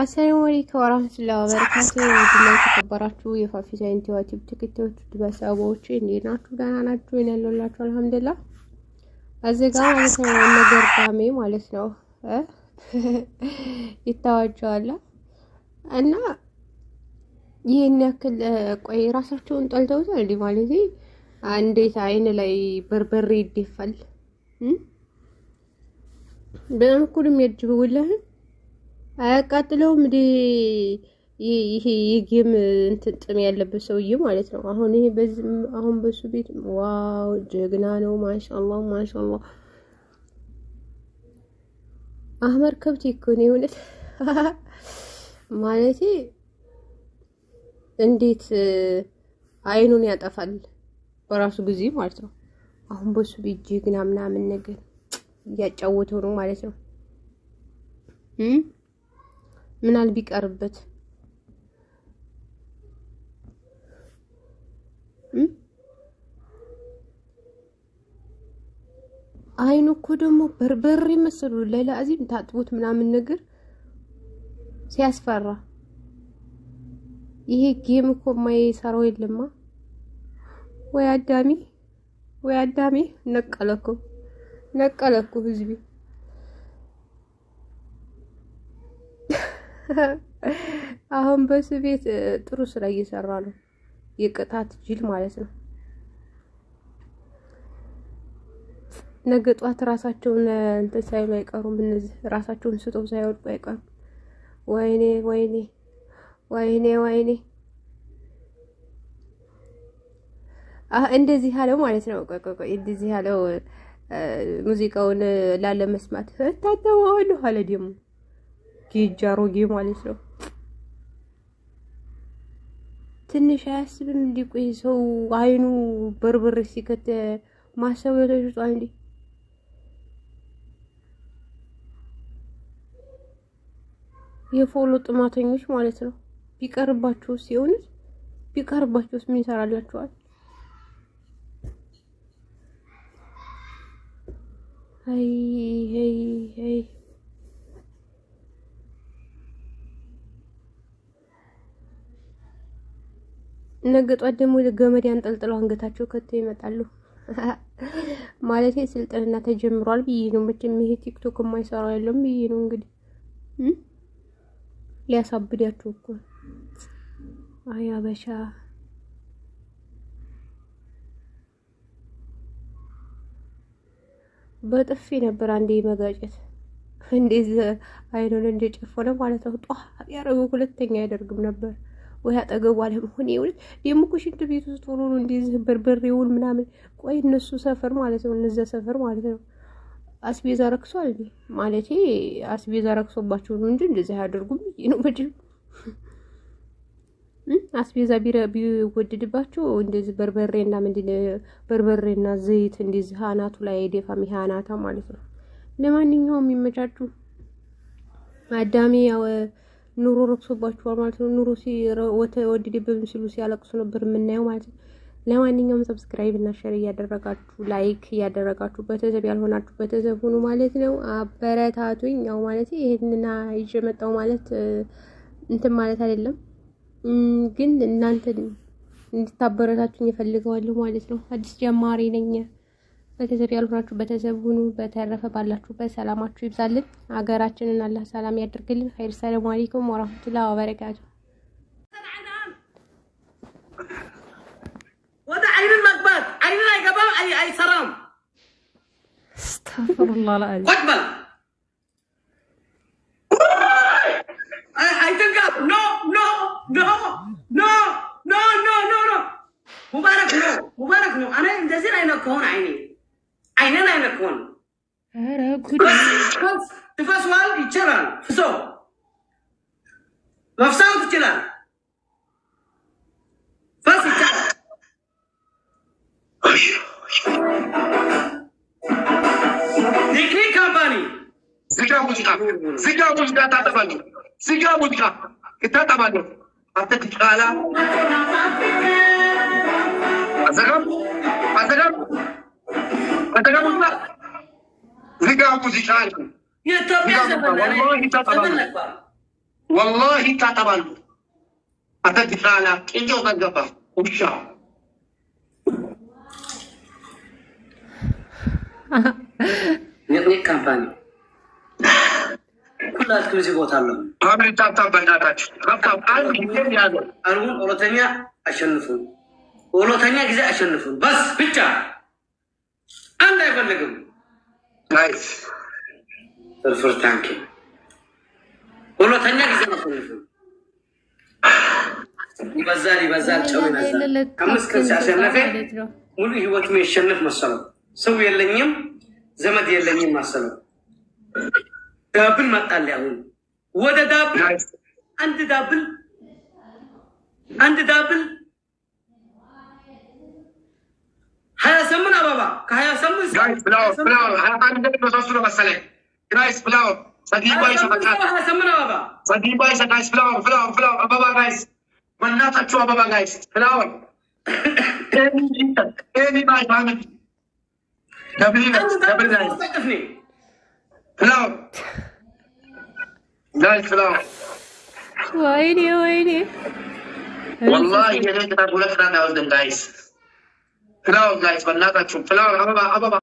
አሰላሙ አለይኩም ወራህመቱላሂ ወበረካቱ። ወዲላይ ተከበራችሁ የፋፊ ሳይንቲ ዩቲዩብ ተከታዮች ድባሳቦች እንዴት ናችሁ? ደህና ናችሁ? እኔ ያለሁላችሁ አልሐምዱሊላህ። እዚህ ማለት ነው ነገር ዳሜ ማለት ነው ይታወጃለ እና ይህን ያክል ቆይ ራሳቸውን ጠልተውታል እንዴ? ማለት እንዴት አይን ላይ በርበሬ ይደፋል? በጣም እኮ ነው የሚያጅበው አያቃጥለውም እንደ ይሄ የጌም እንትን ጥም ያለበት ሰውዬ ማለት ነው። አሁን ይሄ በዚህ አሁን በሱ ቤት ዋው ጀግና ነው። ማሻአላ ማሻአላ። አህመር ከብት እኮ ነው የእውነት እንዴት አይኑን ያጠፋል በራሱ ጊዜ ማለት ነው። አሁን በሱ ቤት ጀግና ምናምን ነገር እያጫወተው ነው ማለት ነው። ምናል ቢቀርበት አይኑ እኮ ደግሞ በርበሬ መሰሉ ሌላ እዚህም ታጥቦት ምናምን ነገር ሲያስፈራ። ይሄ ጌም እኮ የማይሰራው የለማ። ወይ አዳሚ ወይ አዳሚ ነቀለኩ ነቀለኩ ህዝቢ አሁን በሱ ቤት ጥሩ ስራ እየሰራ ነው። የቅጣት ጅል ማለት ነው። ነገ ጧት ራሳቸውን እንትን ሳይሉ አይቀሩም። እነዚህ ራሳቸውን ስጦ ሳይወድቁ አይቀሩም። ወይኔ ወይኔ ወይኔ ወይኔ እንደዚህ ያለው ማለት ነው። ቆይ ቆይ ቆይ እንደዚህ ያለው ሙዚቃውን ላለ መስማት ታተወዋለሁ አለ ደግሞ እጅ አሮጌ ማለት ነው። ትንሽ አያስብም እንዲ? ቆይ ሰው አይኑ በርበሬ ሲከተ ማሰብ ተሽጧ እንዲ የፎሎ ጥማተኞች ማለት ነው። ቢቀርባችሁ ሲሆንስ ቢቀርባችሁስ ምን ይሰራላችኋል? አይ አይ አይ ሲነገጧት ደግሞ ገመድ ያንጠልጥለው አንገታቸው ከቶ ይመጣሉ። ማለት ስልጠና ተጀምሯል ብዬ ነው። መቼም ይሄ ቲክቶክ የማይሰራው ያለም ብዬ ነው እንግዲህ ሊያሳብዳቸው እኮ አያ በሻ በጥፊ ነበር አንዴ መጋጨት እንዴ አይኑን እንደ ማለት ነው። ጧ ያደረገው ሁለተኛ አያደርግም ነበር። ወይ አጠገቡ አለመሆን። ይኸውልሽ ደግሞ እኮ ሽንት ቤት ውስጥ ሆኖ ነው እንደዚህ በርበሬውን ምናምን። ቆይ እነሱ ሰፈር ማለት ነው እነዚያ ሰፈር ማለት ነው አስቤዛ ረክሷል ማለት አስቤዛ ረክሶባቸው ነው እንጂ እንደዚህ አያደርጉም ብዬ ነው መቼም አስቤዛ ቢወድድባቸው እንደዚህ በርበሬና ምንድን እና ዘይት እንደዚህ አናቱ ላይ የደፋም ይሄ አናታ ማለት ነው። ለማንኛውም የሚመቻችሁ አዳሜ ያው ኑሮ ረክሶባችኋል ማለት ነው። ኑሮ ወደደብን ሲሉ ሲያለቅሱ ነበር የምናየው ማለት ነው። ለማንኛውም ሰብስክራይብ እና ሸር እያደረጋችሁ ላይክ እያደረጋችሁ በተዘብ ያልሆናችሁ በተዘብ ሁኑ ማለት ነው። አበረታቱኝ። ያው ማለት ይሄንና ይዤ መጣሁ ማለት እንትን ማለት አይደለም፣ ግን እናንተ እንድታበረታቱኝ እፈልገዋለሁ ማለት ነው። አዲስ ጀማሪ ነኝ። ቤተሰብ ያልሆናችሁ ቤተሰብ ሁኑ። በተረፈ ባላችሁበት ሰላማችሁ ይብዛልን። ሀገራችንን አላህ ሰላም ያደርግልን። ኸይር። ሰላሙ አለይኩም ወራህመቱላ ወበረካቱ። ወደ አይንን መግባት አይንን አይገባም፣ አይሰራም። አስተፍሩላ ሙባረክ ነው፣ ሙባረክ ነው። እኔ እንደዚህ አይነት ከሆነ አይኔ አይነን አይነቅሆን ትፈስዋል ይቻላል። ፍሶ መፍሳው ትችላል። ፈስ ይቻላል። ዲግሪ ካምፓኒ ስጋ ሙዚቃ ስጋ ሙዚቃ ታጠባለ፣ ስጋ ሙዚቃ እታጠባለሁ። አንተ ትቃላ አዘጋም አዘጋም ከተገቡና ዝጋቡ ወላሂ ይታጠባሉ። አንተ ዲሳላ ቅንጆ ተገባ ውሻ ካምፓኒ ሁላችሁም እዚህ ቦታ አለ። አሁን ይታታ በእናታችሁ ሁለተኛ አሸንፉን፣ ሁለተኛ ጊዜ አሸንፉን። በስ ብቻ አንድ አይፈልግም። ራይት ፍርፍር ታንኪ ሁለተኛ ጊዜ ማፈልግም ይበዛል ይበዛል፣ ጨው ይበዛል። አምስት ቀን ሲያሸነፈ ሙሉ ህይወት የሚያሸንፍ መሰለው። ሰው የለኝም ዘመድ የለኝም መሰለው። ዳብል መጣል አሁን ወደ ዳብል አንድ ዳብል አንድ ዳብል ወይኔ ወይኔ ወላሂ ሁለት ቀን አይወስድም ጋይስ ፍላወር ላይፍ በእናታችሁ ፍላወር አበባ አበባ